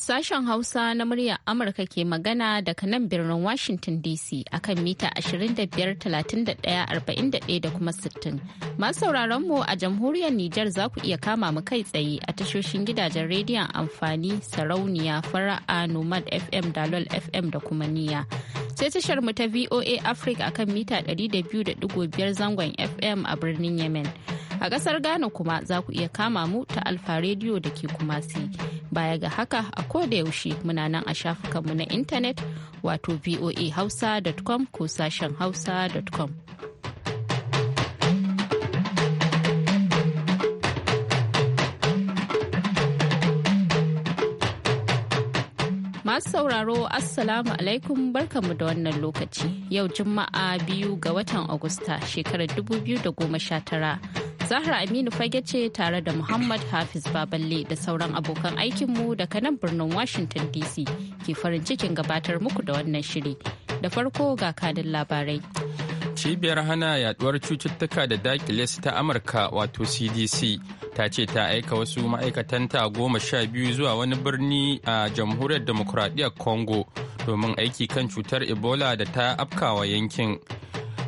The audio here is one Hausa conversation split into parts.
Sashen Hausa na muryar Amurka ke magana daga nan birnin Washington DC akan mita 25-31-41 da kuma 60. Masu sauraron mu a jamhuriyar Nijar za ku iya kama mu kai tsaye a tashoshin gidajen rediyon amfani sarauniya fara'a Nomad FM Dalol FM da kuma niya. Sai tashar mu ta VOA Africa akan mita 200.5 zangon FM a birnin Yemen. A ƙasar Ghana kuma za ku iya kama mu ta Alfa Radio da ke Kumasi. Baya ga haka a yaushe muna nan a shafukanmu na intanet wato voahausa.com ko sashen hausa.com. Masu sauraro Assalamu alaikum barkamu da wannan lokaci yau Juma'a biyu ga watan Agusta shekarar 2019. Zahra Aminu fage ce tare da Muhammad Hafiz Baballe da sauran abokan aikinmu daga nan birnin Washington DC ke farin cikin gabatar muku da wannan shiri. Da farko ga kanin labarai. Cibiyar hana yaduwar cututtuka da dakiles ta Amurka wato CDC ta ce ta aika wasu ma'aikatanta goma sha biyu zuwa wani birni a jamhuriyar demokuraɗiyyar Congo domin aiki kan cutar Ebola da ta afkawa yankin.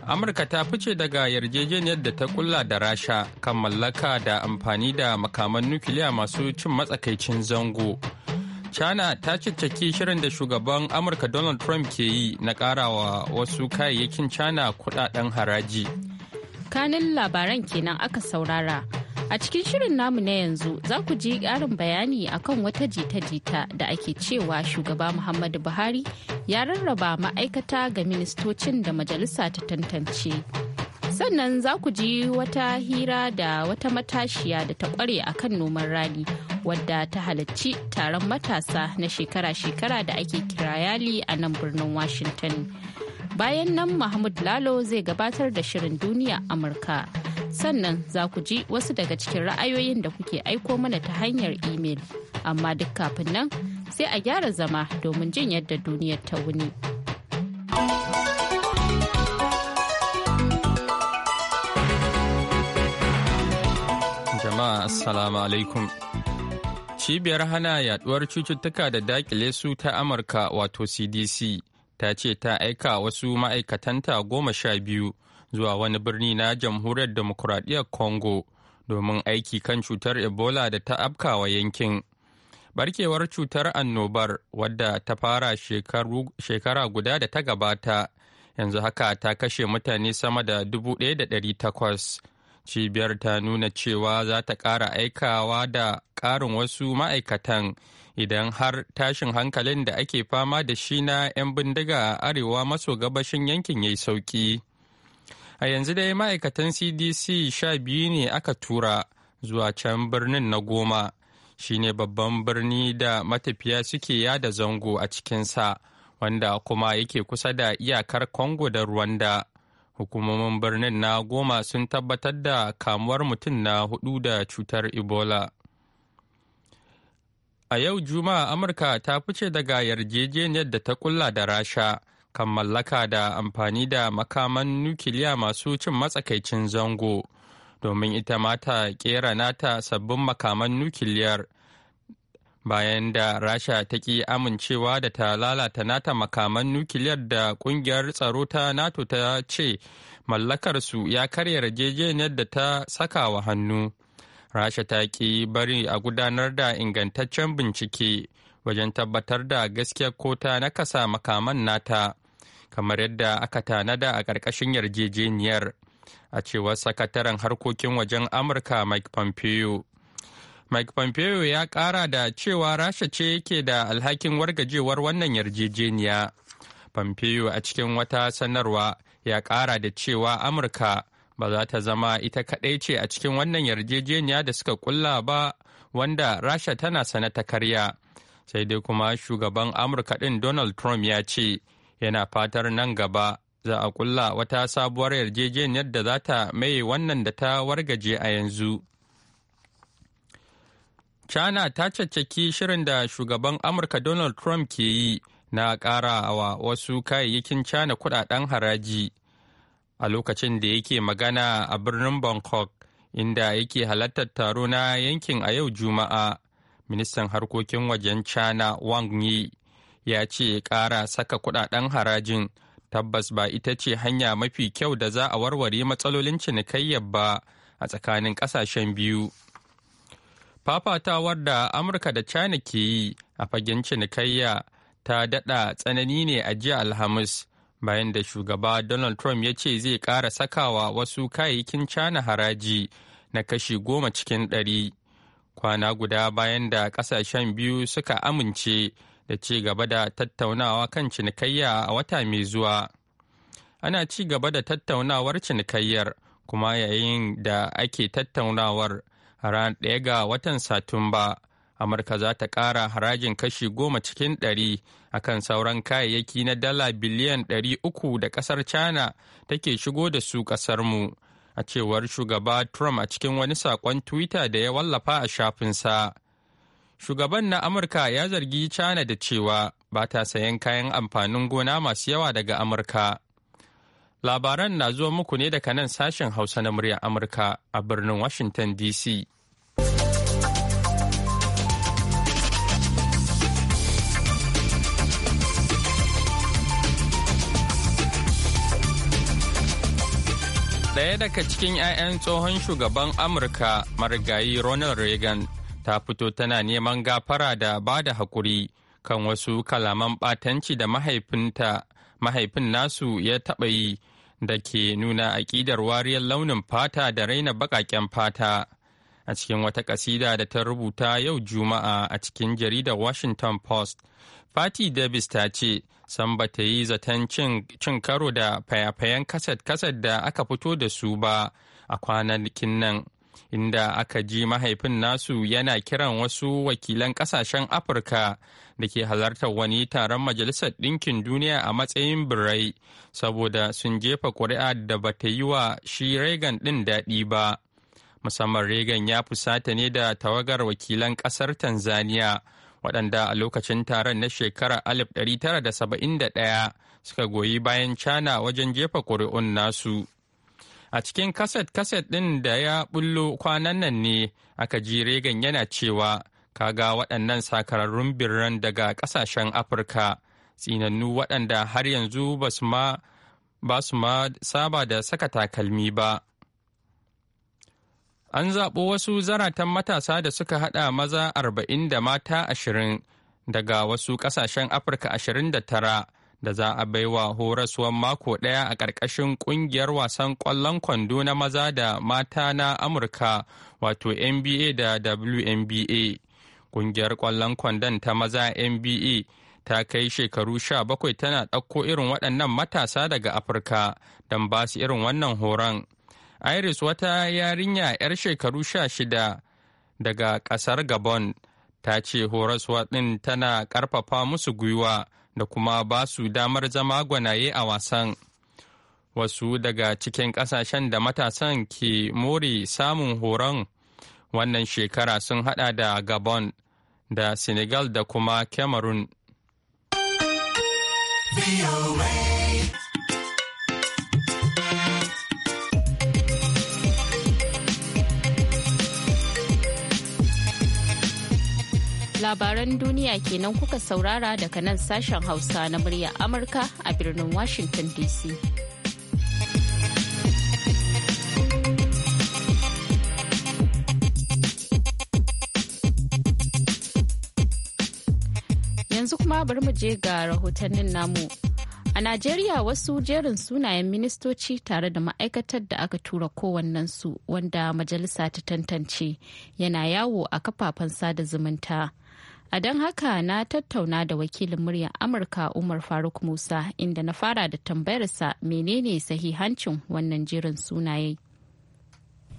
amurka ta fice daga yarjejeniyar da ta kulla da rasha kan mallaka da amfani da makaman nukiliya masu cin matsakaicin zango china ta cicciki shirin da shugaban amurka donald trump ke yi na karawa wasu kayayyakin china kudaden haraji kanin labaran kenan aka saurara A cikin shirin namu na yanzu za ku ji ƙarin bayani akan wata jita-jita da ake cewa shugaba Muhammadu Buhari ya rarraba ma'aikata ga ministocin da majalisa ta tantance. Sannan za ku ji wata hira da wata matashiya da ta ƙware kan noman rani wadda ta halarci taron matasa na shekara-shekara da ake kira yali a nan birnin Washington. Bayan nan Mahmud Lalo zai gabatar da shirin duniya Amurka. sannan za ku ji wasu daga cikin ra'ayoyin da kuke aiko mana ta hanyar imel amma duk kafin nan sai a gyara zama domin jin yadda duniyar ta wuni. Jama'a Assalamu alaikum. Cibiyar hana yaduwar cututtuka da dakile su ta Amurka wato CDC ta ce ta aika wasu ma'aikatanta goma sha biyu zuwa wani birni na jamhuriyar demokuraɗiyyar congo domin aiki kan cutar ebola da ta afkawa yankin barkewar cutar annobar wadda ta fara shekara guda da ta gabata yanzu haka ta kashe mutane sama da 1,800 cibiyar ta nuna cewa za ta ƙara aikawa da ƙarin wasu ma'aikatan idan har tashin hankalin da ake fama da shi na 'yan bindiga a arewa maso gabashin yankin ya yi sauƙi. A yanzu dai ma'aikatan CDC sha biyu ne aka tura zuwa can birnin na goma, shi ne babban birni da matafiya suke yada zango a cikinsa, wanda kuma yake kusa da iyakar Congo da Rwanda. Hukumomin birnin na goma sun tabbatar da kamuwar mutum na hudu da cutar Ebola. A yau Juma'a Amurka ta fice daga yarjejeniyar da ta kulla da Rasha. kan mallaka da amfani da makaman nukiliya masu cin matsakaicin zango domin ita mata ta kera nata sabbin makaman nukiliyar bayan da rasha ta ki amincewa da ta lalata nata makaman nukiliyar da kungiyar tsaro ta nato ta ce mallakarsu ya karya yarjejeniyar da ta saka wa hannu rasha ta ki bari a gudanar da ingantaccen bincike wajen tabbatar da gaskiyar kota na kasa makaman nata kamar yadda aka tanada a ƙarƙashin yarjejeniyar a cewar sakataren harkokin wajen amurka mike pompeo mike pompeo ya ƙara da cewa rasha ce yake da alhakin wargajewar wannan yarjejeniya pompeo a cikin wata sanarwa ya ƙara da cewa amurka ba za ta zama ita kaɗai ce a cikin wannan yarjejeniya da suka kulla ba wanda rasha tana sana ta karya sai dai kuma shugaban amurka ɗin donald trump ya ce yana fatar nan gaba za a kulla wata sabuwar yarjejeniyar da za ta maye wannan da ta wargaje a yanzu. China ta caccaki shirin da shugaban Amurka Donald Trump ke yi na wa wasu kayayyakin China kudaden haraji a lokacin da yake magana a birnin Bangkok inda yake halartar taro na yankin a yau Juma'a. Ministan harkokin wajen China Wang Yi ya ce ƙara saka kudaden harajin tabbas ba ita ce hanya mafi kyau da za a warware matsalolin cinikayyar ba a tsakanin ƙasashen biyu. Fafatawar da Amurka da China ke yi a fagen cinikayya ta daɗa tsanani ne a jiya Alhamis bayan da shugaba Donald Trump ya ce zai ƙara sakawa wasu kayayyakin China haraji na kashi goma cikin dari Kwana guda bayan da ƙasashen biyu suka amince da ci gaba da tattaunawa kan cinikayya a wata mai zuwa. Ana ci gaba da tattaunawar cinikayyar kuma yayin da ake tattaunawar ran ɗaya ga watan Satumba. Amurka za ta ƙara harajin kashi goma cikin ɗari a kan sauran kayayyaki na dala biliyan ɗari uku da ƙasar China take shigo da su ƙasarmu. A cewar shugaba Trump a cikin wani saƙon Twitter da ya wallafa a shafinsa. shugaban na amurka ya zargi china da cewa ba ta sayan kayan amfanin gona masu yawa daga amurka labaran na zuwa muku ne daga nan sashen hausa na muryar amurka a birnin washington dc Daya daga cikin 'ya'yan tsohon shugaban Amurka marigayi Ronald Reagan ta fito tana neman gafara da ba da haƙuri kan wasu kalaman ɓatanci da mahaifinta mahaifin nasu ya taɓa yi da ke nuna aƙidar wariyar launin fata da raina baƙaƙen fata a cikin wata ƙasida da ta rubuta yau juma'a a cikin jaridar washington post fati davis ta ce san ba ta yi zaton cin karo da fayafayen kaset-kaset da aka fito da su ba a kwanakin nan inda aka ji mahaifin nasu yana kiran wasu wakilan kasashen afirka da ke halartar wani taron majalisar ɗinkin duniya a matsayin birai saboda sun jefa ƙuri'a da bata yi wa shi reagan ɗin daɗi ba musamman reagan ya fusata ne da tawagar wakilan ƙasar tanzania waɗanda a lokacin taron na shekarar 1971 suka goyi bayan cana wajen jefa ƙuri'un nasu. A cikin kaset-kaset ɗin da ya bullo kwanan nan ne aka ji Reagan yana cewa kaga waɗannan sakararrun birran daga ƙasashen Afirka tsinannu waɗanda har yanzu ba su ma saba da saka takalmi ba. An zaɓo wasu zaratan matasa da suka haɗa maza arba'in da mata ashirin daga wasu ƙasashen Afirka ashirin da tara da za a baiwa horaswar mako ɗaya a ƙarƙashin ƙungiyar wasan ƙwallon kwando na maza da mata na Amurka wato NBA da WNBA. Ƙungiyar ƙwallon kwandon ta maza NBA ta kai shekaru sha bakwai tana ɗauko irin waɗannan matasa daga Afirka don ba su irin wannan horon. Iris wata yarinya 'yar shekaru sha shida daga ƙasar Gabon ta ce horaswa ɗin tana ƙarfafa musu gwiwa. da kuma ba su damar zama gwanaye a wasan. Wasu daga cikin ƙasashen da matasan ke more samun horon wannan shekara sun hada da Gabon da Senegal da kuma Cameroon. labaran duniya kenan kuka saurara daga nan sashen hausa na murya amurka a birnin washington dc yanzu kuma bari mu je ga rahotannin namu a najeriya wasu jerin sunayen ministoci tare da ma'aikatar da aka tura su wanda majalisa ta tantance yana yawo a kafafen sada zumunta A don haka na tattauna da wakilin muryar Amurka Umar Faruk Musa inda na fara da tambayarsa menene sahihancin wannan jirin sunaye.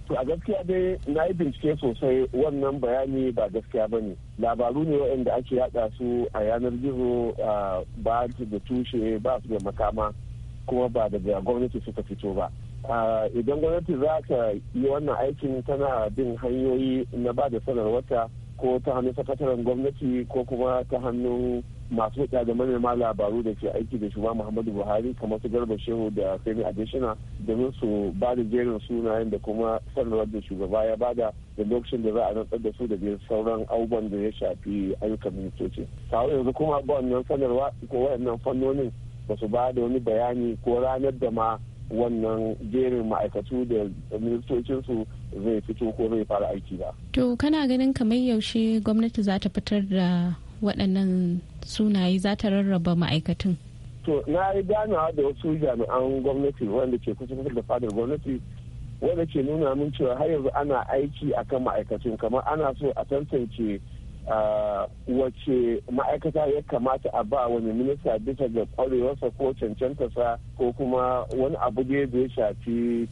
To a gaskiya dai na yi bincike sosai wannan bayani ba gaskiya ba ne. Labaru ne waɗanda ake yada su a yanar gizo ba su da tushe ba su da makama kuma ba daga gwamnati suka fito ba. Idan gwamnati za ta yi wannan aikin tana bin hanyoyi na ba da sanarwata. ko ta hannu sakataren gwamnati ko kuma ta hannu masu hudda da manema labaru da ke aiki da shugaba muhammadu buhari kamar su garba shehu da femi adishina domin su ba da jerin sunayen da kuma sanarwar da shugaba ya bada da lokacin da za a rantsar da su da biyar sauran abubuwan da ya shafi ayyukan ministoci kawo yanzu kuma ba wannan sanarwa ko waɗannan fannonin ba su ba da wani bayani ko ranar da ma wannan jerin ma'aikatu da ministocinsu zai fito ko zai fara aiki ba. To kana ganin kamar yaushe gwamnati za ta fitar da waɗannan sunaye za ta rarraba ma'aikatun. To na yi ganawa da wasu jami'an gwamnati wanda ke kusa da fadar gwamnati wanda ke nuna min cewa har yanzu ana aiki akan ma'aikatun kamar ana so a tantance wace ma'aikata ya kamata a ba wani minista bisa ga kwarewarsa ko cancantarsa ko kuma wani abu da ya shafi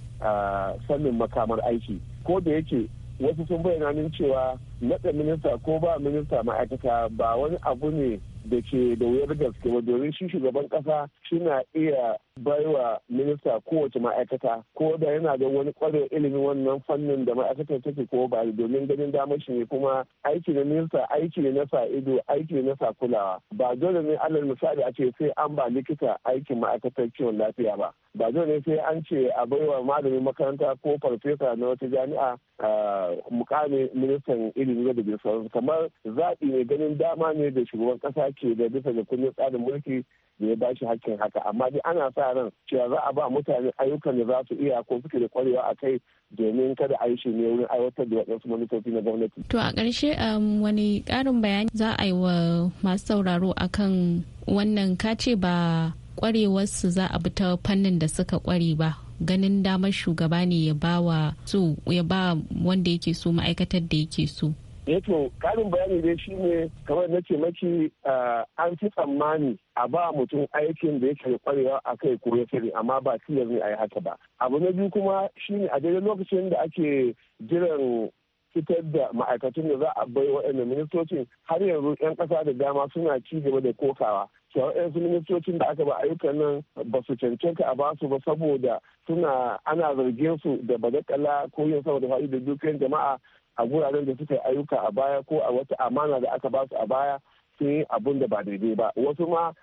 sanin makamar aiki ko da yake wasu sun bayyana min cewa naɗa minista ko ba minista ma'aikata ba wani abu ne da ke da wuyar gaske ba domin shi shugaban ƙasa suna iya baiwa minista kowace ma'aikata ko da yana da wani kwarewa ilimin wannan fannin da ma'aikatar take ko ba domin ganin damar shi ne kuma aiki na minista aiki ne na sa ido aiki ne na sa kulawa ba dole ne alal misali a ce sai an ba likita aikin ma'aikatar kiwon lafiya ba ba dole ne sai an ce a baiwa malamin makaranta ko farfesa na wata jami'a mukami ministan ilimi da bisa kamar zaɓi ne ganin dama ne da shugaban ƙasa ke da bisa da kundin tsarin mulki da ya bashi hakkin haka amma dai ana sa ran cewa za a ba mutane ayyukan da za su iya ko suke da kwarewa a kai domin kada a yi shi ne wurin aiwatar da waɗansu manufofi na gwamnati. To a ƙarshe um, wani ƙarin bayani za a yi wa masu sauraro akan wannan kace ba kwarewarsu za a bi ta fannin da suka kware ba ganin damar shugaba ne ya ba wa su ya ba wanda yake so ma'aikatar da yake so yato eh karin bayani dai shine kamar na ce maki an fi tsammani a ba mutum aikin da yake kwarewa a kai ko ya sani amma ba tiyar ne a yi haka ba abu na biyu kuma shine a daidai lokacin da ake jiran fitar da ma'aikatun da za a bai waɗannan ministocin har yanzu 'yan ƙasa da dama suna ci gaba da kokawa cewa 'yansu ministocin da aka ba ayyukan nan ba su cancanta a basu ba saboda suna ana zargin su da badakala ko yin sama da faɗi da dukiyar jama'a a guraren da suka yi ayyuka a baya ko a wata amana da aka basu a baya sun yi abun da ba daidai ba wasu ma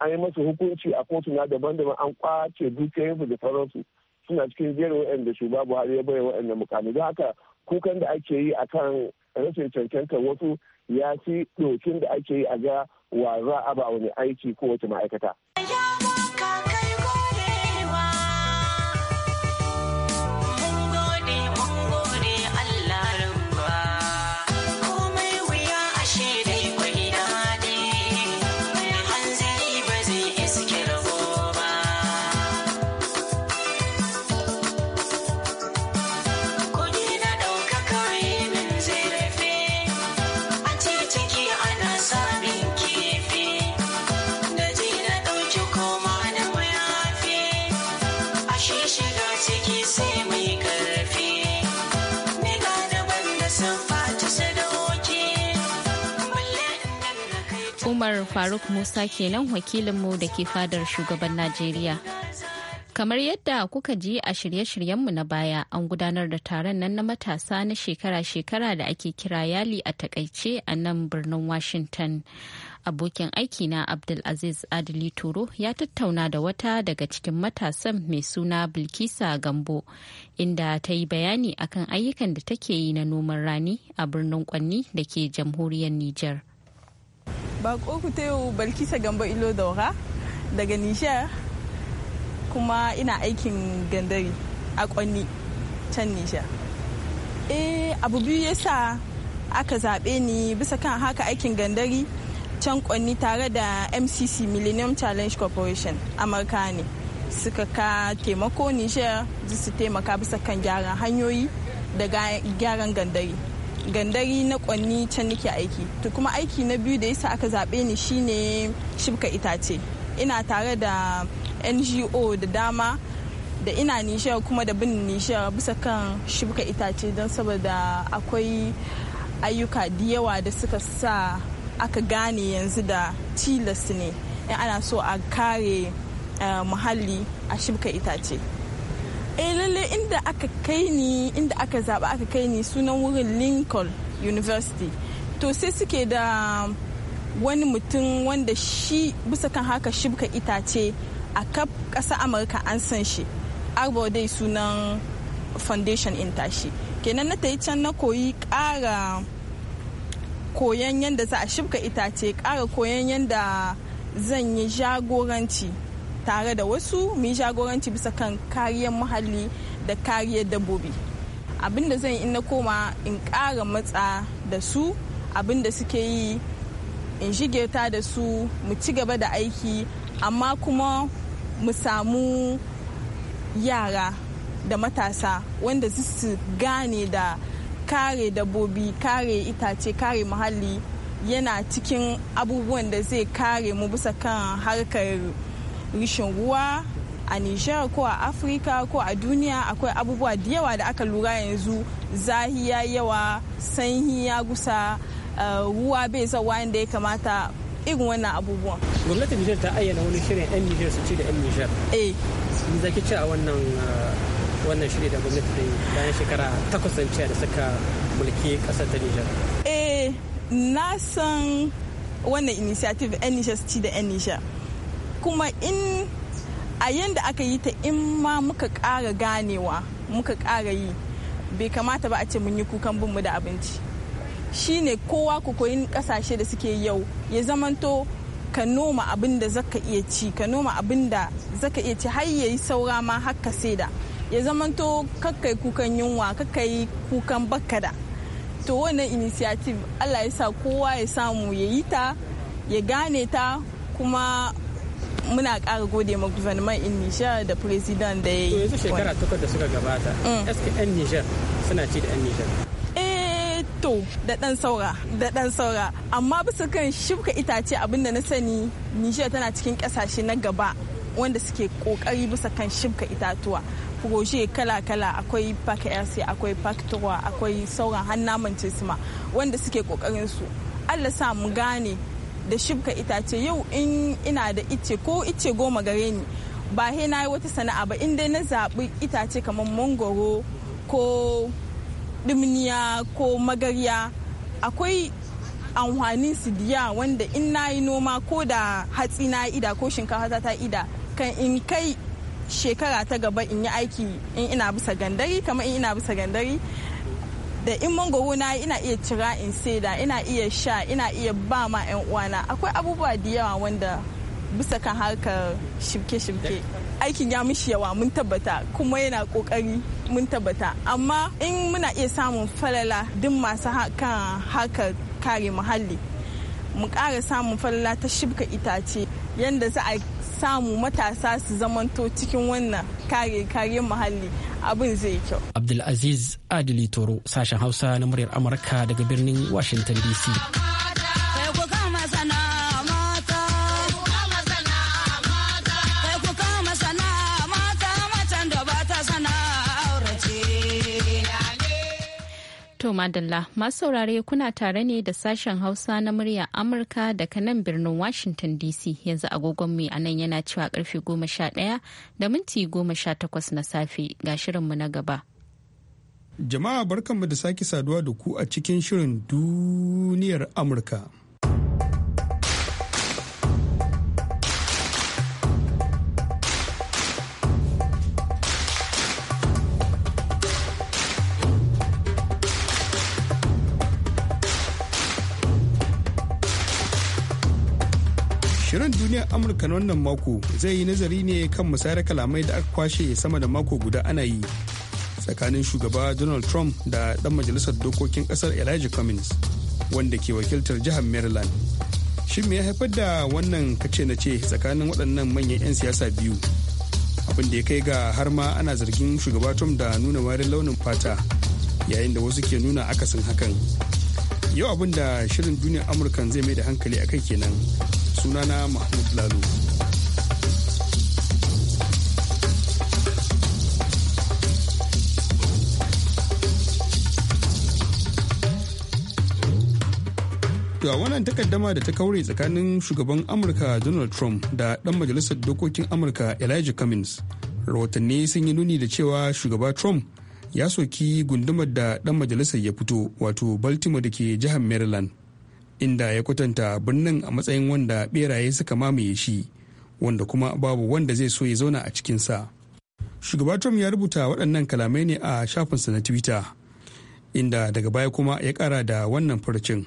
an yi masu hukunci a kotuna daban-daban an kwace dukiyar da sauransu suna cikin jerin su shugaba buhari ya bai waɗanda mukami don haka kukan da ake yi a kan rashin cancanta wasu ya fi dokin da ake yi a ga wa za a ba wani aiki ko wata ma'aikata. Umar Faruk Musa kenan wakilinmu da ke fadar shugaban Najeriya. Kamar yadda kuka ji a shirye-shiryenmu na baya an gudanar da taron nan na matasa na shekara-shekara da ake kira yali a takaice a nan birnin Washington. Abokin aiki aikina Abdulaziz Adili Turo ya tattauna da wata daga cikin matasan mai suna Bilkisa Gambo inda ta yi bayani akan ayyukan da take yi na noman rani a birnin Kwanni da ke jamhuriyar Nijar. Bako ku yau Balkisa Gambo Ilo Daura daga Nijar kuma ina aikin gandari a kwanni can Nijar. Eh abu biyu ya sa aka zaɓe ni bisa kan haka aikin gandari can kwanni tare da MCC Millennium Challenge Corporation Amurka ne. suka ka taimako Nijar su taimaka bisa kan gyaran hanyoyi da gyaran gandari. gandari na kwanni can nake aiki to kuma aiki na biyu da yasa aka zaɓe ni shine shibka itace ina tare da ngo da dama da ina nishiyar kuma da bin nishiyar bisa kan shibka itace don saboda akwai ayyuka da yawa da suka sa aka gane yanzu da tilas ne in ana so a kare eh, muhalli a shibka itace eh lalle inda aka kai ni inda aka zaba aka kai ni sunan wurin lincoln university to sai suke da wani mutum wanda shi bisa kan haka shibka itace a kaf kasa amurka an san shi arbor dai sunan foundation in tashi kenan na tayi can na koyi ƙara koyan yadda za a shibka itace ƙara koyan yadda zan yi jagoranci tare da wasu mu yi jagoranci bisa kan kariyar muhalli da kariyar dabbobi abin da zan in na koma in ƙara matsa da su abin da suke yi in shige ta da su mu ci gaba da aiki amma kuma mu samu yara da matasa wanda su gane da kare dabbobi kare itace kare muhalli yana cikin abubuwan da zai kare mu bisa kan harkar rishin ruwa a Nijar ko a Afirka ko a duniya akwai abubuwa da yawa da aka lura yanzu zahi ya yawa sanyi ya gusa eh, ruwa bai zawa yadda ya kamata irin wannan abubuwan. Gwamnatin Nijar ta ayyana wani shirin 'yan Nijar su ci da 'yan Nijar. Eh. Sun zaki ci a wannan eh, wannan shiri da gwamnati ta yi bayan shekara takwas da suka mulki kasar ta Nijar. Eh, na san wannan initiative 'yan Nijar su ci da 'yan Nijar. kuma in a yanda aka yi ta in ma muka ƙara ganewa muka ƙara yi bai kamata ba a ce mun yi kukan binmu da abinci shi shine kowa ku koyi kasashe da suke yau ya zamanto ka noma abin da zaka iya ci ka noma abin da zaka iya ci har yayi saura ma har ka saida ya zamanto kakkai kukan yunwa kakkai kukan bakkada to wannan initiative Allah ya sa kowa ya samu ya yi ta ya gane ta kuma muna ƙara gode ma guvernement in Nijar da president da ya yi. yanzu shekara takwas da suka gabata, eske mm. 'yan Nijar suna ci da 'yan Nijar. Eh, to da ɗan saura da ɗan saura amma bisa kan shibka itace abinda na sani Nijar tana cikin ƙasashe na gaba wanda suke kokari bisa kan shibka itatuwa proje kala-kala akwai park rc akwai park akwai sauran hannaman ma wanda suke kokarin su allah sa mu gane da shibka itace yau in ina da ice ko ice goma gare ni ba he na yi wata sana'a ba in dai na zaɓi itace kamar mangoro ko dimniya ko magarya akwai amfanin su diya wanda in na yi noma ko da hatsi na ida ko shinkafa ta ida kan in kai shekara ta gaba in yi aiki in ina bisa gandari kamar in ina bisa gandari da in mangoro na ina iya cira in saida ina iya sha ina iya ba ma 'yan uwana akwai abubuwa da yawa wanda bisa kan harkar shirke-shirke aikin ya mishi yawa mun tabbata kuma yana kokari mun tabbata amma in muna iya samun falala duk masu kan harkar kare muhalli mu kara samun falala ta shibka itace yadda za a samu matasa su zamanto cikin wannan kare kare muhalli abin zai kyau. Abdulaziz Adili Toro, sashen Hausa na muryar Amurka daga birnin Washington DC. Madalla masu saurare kuna tare ne da sashen Hausa na murya Amurka daga nan birnin Washington DC yanzu agogon a anan yana cewa karfe 11 da minti 18 na safe ga shirinmu na gaba. Jama'a barkanmu da sake saduwa da ku a cikin shirin duniyar Amurka. Shirin duniyar Amurka na wannan mako zai yi nazari ne kan musayar kalamai da aka kwashe sama da mako guda ana yi tsakanin shugaba Donald Trump da ɗan majalisar dokokin ƙasar Elijah Cummings wanda ke wakiltar jihar Maryland. Shin me ya haifar da wannan kace na ce tsakanin waɗannan manyan 'yan siyasa biyu? Abin da ya kai ga har ma ana zargin shugaba Trump da nuna warin launin fata yayin da wasu ke nuna akasin hakan. Yau abin da shirin duniyar amurka zai mai da hankali akai kenan. sunana mahmud lalu a wannan takaddama da ta kaure tsakanin shugaban amurka donald trump da ɗan majalisar dokokin amurka elijah cummings rahotanni sun yi nuni da cewa shugaba trump ya soki gundumar da ɗan majalisar ya fito wato baltimore da ke jihar maryland inda ya kwatanta birnin a matsayin wanda beraye suka mamaye shi wanda kuma babu wanda zai so ya zauna a cikinsa shugaba trump ya rubuta waɗannan kalamai ne a shafinsa na twitter inda daga baya kuma ya ƙara da wannan furcin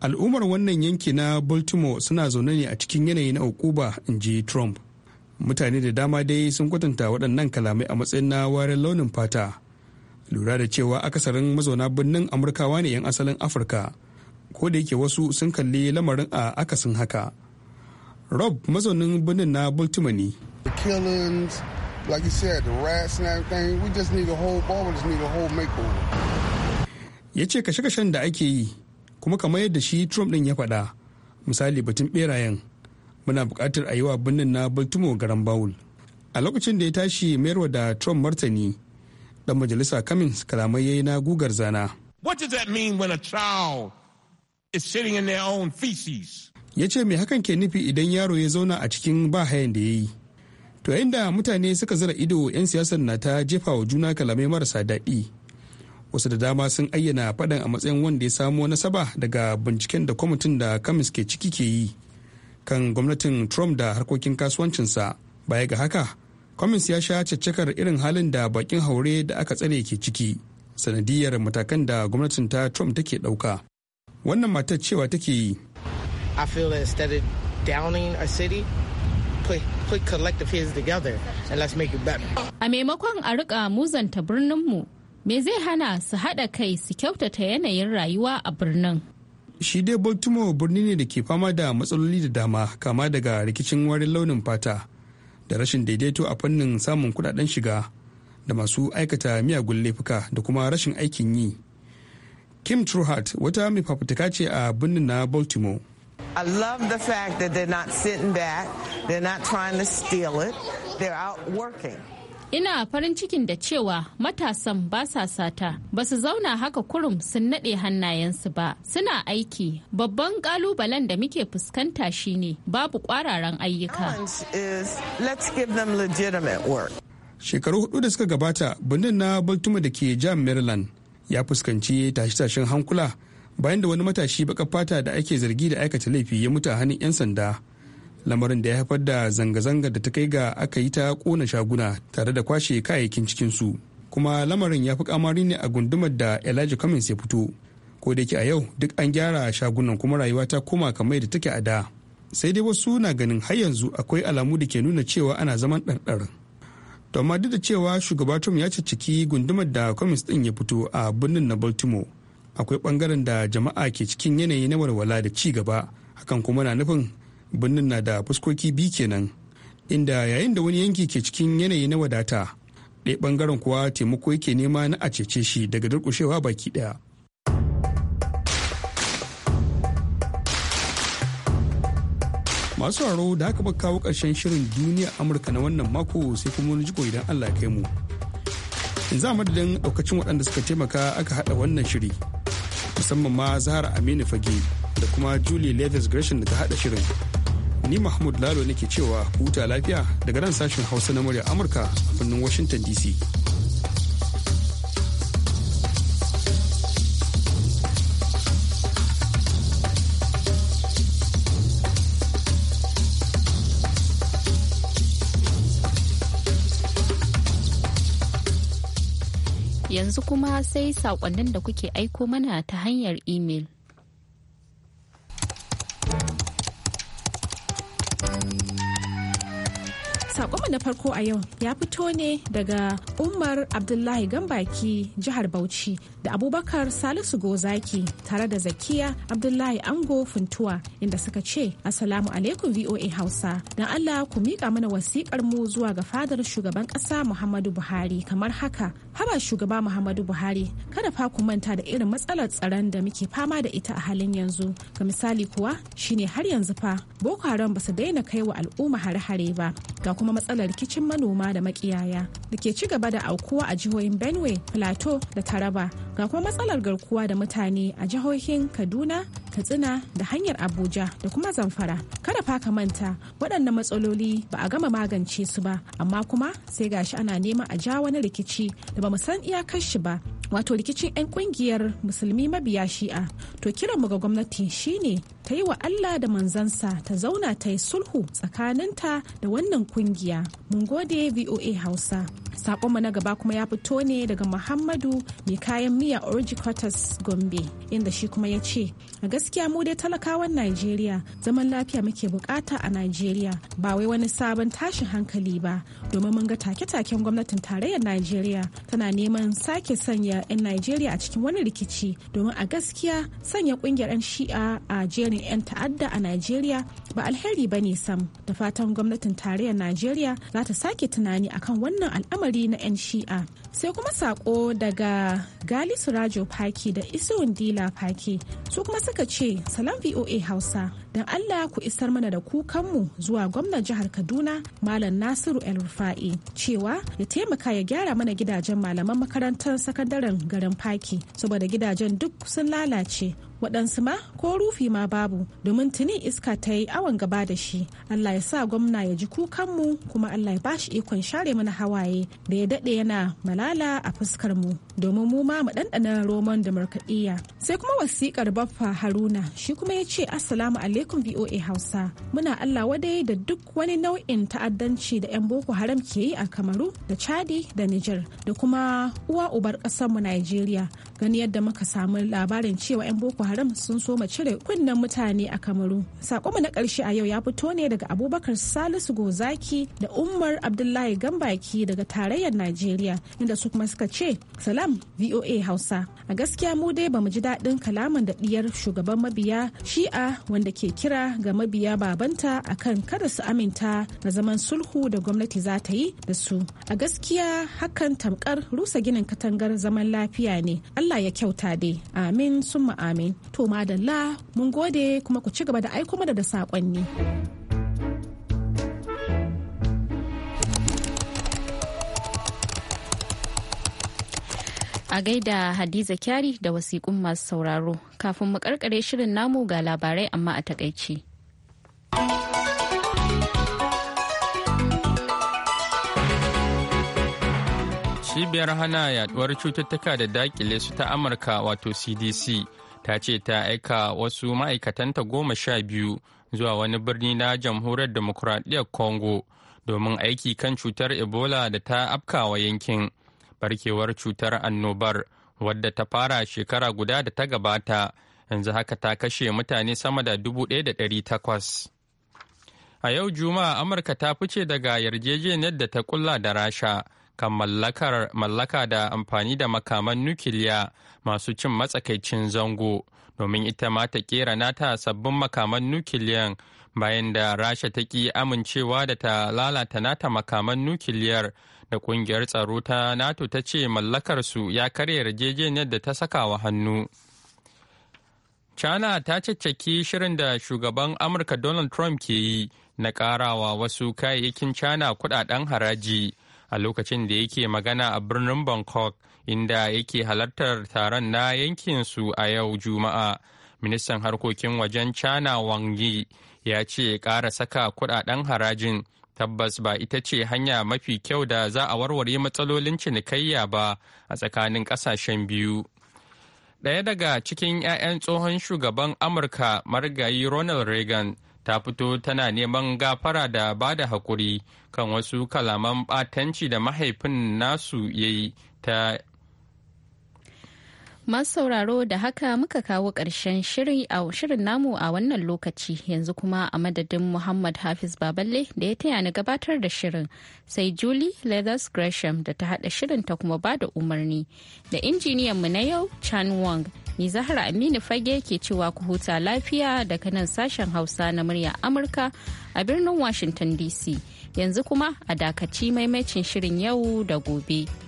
al'ummar wannan yanki na baltimore suna zaune ne a cikin yanayi na ukuba in ji trump mutane da dama dai sun kwatanta waɗannan kalamai a matsayin na warin launin fata lura da cewa akasarin mazauna birnin amurkawa ne 'yan asalin afirka ko da yake wasu sun kalli lamarin a akasin haka rob mazaunin birnin na bultimani ya ce kashe-kashen da ake yi kuma kamar yadda shi trump din ya faɗa misali batun berayen muna buƙatar a yi wa birnin na baltimore garan bawul a lokacin da ya tashi mayarwa da trump martani dan majalisa Cummings kalamai yayi na gugar zana. What does that mean when a child is sitting in their own feces? Ya me hakan ke nufi idan yaro ya zauna a cikin ba hayan da ya yi. To inda mutane suka zira ido 'yan siyasar na ta jefa wa juna kalamai marasa daɗi. Wasu da dama sun ayyana faɗan a matsayin wanda ya samo nasaba daga binciken da kwamitin da Cummings ke ciki ke yi kan gwamnatin Trump da harkokin kasuwancinsa. Baya ga haka, Cummins ya sha caccakar irin halin da bakin haure da aka tsare ke ciki sanadiyar matakan da gwamnatin ta Trump take ɗauka. Wannan matar cewa take yi. I feel that instead of downing a city, put, put collective heads together and make it better. A maimakon a rika muzanta birninmu, me zai hana su haɗa kai su kyautata yanayin rayuwa a birnin? Shi dai Baltimore birni ne da ke fama da matsaloli da dama kama daga rikicin warin launin fata. da rashin daidaito a fannin samun kudaden shiga da masu aikata miyagun laifuka da kuma rashin aikin yi kim truhart wata mai fafutuka ce a birnin na baltimore I love the fact that they're not sitting back, they're not trying to steal it, they're out working. ina farin cikin da cewa matasan ba sa sata ba su zauna haka kurum sun naɗe hannayensu ba suna aiki babban ƙalubalen da muke fuskanta shine babu ƙwararan ayyuka shekaru hudu da suka gabata birnin na baltimore da ke jam maryland ya fuskanci tashe-tashen hankula bayan da wani matashi baka fata da ake zargi da aikata laifi ya mutu a hannun 'yan sanda lamarin da ya haifar da zanga zanga da ta kai ga aka yi ta kona shaguna tare da kwashe kayayyakin cikinsu kuma lamarin ya fi kamari ne a gundumar da elijah cummins ya fito ko da a yau duk an gyara shagunan kuma rayuwa ta koma kamar da take a da sai dai wasu na ganin har yanzu akwai alamu da ke nuna cewa ana zaman ɗanɗar to amma duk da cewa shugaba tom ya cicciki gundumar da cummins din ya fito a birnin na baltimo akwai bangaren da jama'a ke cikin yanayi na walwala da ci gaba hakan kuma na nufin birnin na da fuskoki biyu kenan inda yayin da wani yanki ke cikin yanayi na wadata ɗaya ɓangaren kuwa taimako yake nema na a cece shi daga durƙushewa baki ɗaya masu haro da haka ba kawo ƙarshen shirin duniya amurka na wannan mako sai kuma wani jiko idan allah kai mu za madadin ɗaukacin waɗanda suka taimaka aka haɗa wannan shiri musamman ma zahara aminu fage da kuma julie levis gresham da ta haɗa shirin ni mahmud lalo nake cewa huta lafiya daga nan sashen hausa na murya amurka a birnin washington dc yanzu kuma sai saƙonnin da kuke aiko mana ta hanyar imel. saƙon Sakonmu na farko a yau ya fito ne daga Umar Abdullahi Gambaki jihar Bauchi da Abubakar Salisu Gozaki tare da Zakiya Abdullahi Ango Funtuwa inda suka ce Assalamu alaikum VOA Hausa. Don Allah ku miƙa mana wasiƙar mu zuwa ga fadar shugaban ƙasa Muhammadu Buhari kamar haka. Haba shugaba Muhammadu Buhari kada fa ku manta da irin matsalar tsaron da muke fama da ita a halin yanzu. Ga misali kuwa shine har yanzu fa Boko Haram ba su daina kai wa al'umma hare-hare ba. Ga kuma matsalar matsalar rikicin manoma da makiyaya da ke ci gaba da aukuwa a jihohin benue plateau da taraba ga kuma matsalar garkuwa da mutane a jihohin kaduna katsina da hanyar abuja da kuma zamfara kada fa ka manta waɗannan matsaloli ba a gama magance su ba amma kuma sai gashi ana neman a ja wani rikici da ba mu san iyakar shi ba wato rikicin 'yan kungiyar musulmi mabiya shi'a to kiranmu ga gwamnati shine ta yi wa Allah da manzansa ta zauna ta yi sulhu tsakaninta da wannan kungiya. Mun gode VOA Hausa. Sakonmu na gaba kuma ya fito ne daga Muhammadu mai kayan miya Orji Quartas Gombe inda shi kuma ya ce, A gaskiya mu dai talakawan Najeriya zaman lafiya muke bukata a Najeriya ba wai wani sabon tashin hankali ba domin mun ga take-taken gwamnatin tarayyar Najeriya tana neman sake sanya 'yan Najeriya a cikin wani rikici domin a gaskiya sanya kungiyar 'yan shi'a a jerin hare 'yan ta'adda a Najeriya ba alheri ba ne sam da fatan gwamnatin tarayyar Najeriya za ta sake tunani akan wannan al'amari na 'yan shi'a. sai kuma sako daga gali surajo faki da isuwun dila faki su kuma suka ce salam voa hausa don allah ku isar mana da kukanmu zuwa gwamnan jihar kaduna malam nasiru el rufa'i cewa ya taimaka ya gyara mana gidajen malaman makarantar sakandaren garin faki saboda gidajen duk sun lalace waɗansu ma ko rufi ma babu domin tuni iska ta yi awon gaba da shi allah ya sa gwamna ya ji kukanmu kuma allah ya bashi ikon share mana hawaye da ya daɗe yana malala a fuskar mu domin mu ma mu ɗanɗana roman da markaɗiya. Sai kuma wasikar baffa Haruna shi kuma ya ce Assalamu alaikum VOA Hausa. Muna Allah wadai da duk wani nau'in ta'addanci da 'yan Boko Haram ke yi a Kamaru da Chadi da Niger da kuma uwa ubar mu nigeria. gani yadda muka samu labarin cewa 'yan boko haram sun soma cire kunnen mutane a kamaru sakonmu na karshe a yau ya fito ne daga abubakar salisu gozaki da umar abdullahi gambaki daga tarayyar najeriya inda su kuma suka ce salam voa hausa a gaskiya mu dai bamu ji daɗin kalaman da ɗiyar shugaban mabiya shi'a wanda ke kira ga mabiya babanta akan kada su aminta na zaman sulhu da gwamnati za ta yi da su a gaskiya hakan tamkar rusa ginin katangar zaman lafiya ne Allah ya kyauta dai amin summa amin to madalla mun gode kuma ku ci gaba da aiko mana da saƙonni. a gaida hadiza kyari da wasiƙun masu sauraro kafin mu karkare shirin namu ga labarai amma a takaici. cibiyar hana yaduwar cututtuka da dakile su ta amurka wato cdc ta ce ta aika wasu ma'aikatanta goma sha biyu zuwa wani birni na jamhuriyar demokuraɗiyyar congo domin aiki kan cutar ebola da ta afkawa yankin barkewar cutar annobar wadda ta fara shekara guda da ta gabata yanzu haka ta kashe mutane sama da dubu ɗaya da ɗari takwas. a yau juma'a amurka ta fice daga yarjejeniyar da ta kulla da rasha kan mallakar mallaka da amfani da makaman nukiliya masu cin matsakaicin zango domin ita ma ta kera nata sabbin makaman nukiliyan bayan da rasha ta ki amincewa da ta lalata nata makaman nukiliyar da kungiyar tsaro ta nato ta ce mallakarsu ya karya yarjejeniyar da ta saka wa hannu china ta caccaki shirin da shugaban amurka donald trump ke yi na karawa wasu kayayyakin china kudaden haraji a lokacin da yake magana a birnin Bangkok inda yake halartar taron na yankin su a yau Juma'a. Ministan harkokin wajen China Wang Yi ya ce ƙara saka kudaden harajin tabbas ba ita ce hanya mafi kyau da za a warware matsalolin cinikayya ba a tsakanin ƙasashen biyu. Ɗaya daga cikin 'ya'yan tsohon shugaban Amurka marigayi Ronald Reagan ta fito tana neman gafara da ba da haƙuri kan wasu kalaman ɓatanci da mahaifin nasu ya yi ta Masu sauraro da haka muka kawo ƙarshen shirin namu a wannan lokaci yanzu kuma a madadin Muhammad Hafiz Baballe da ya taya ni gabatar da shirin sai Julie Leathers Gresham da ta haɗa shirin ta kuma ba da umarni da injiniyanmu na yau Chan Wang Ni Zahra Aminu Fage ke cewa ku huta lafiya daga nan sashen Hausa na murya Amurka a birnin Washington DC. Yanzu kuma a dakaci maimacin shirin yau da gobe.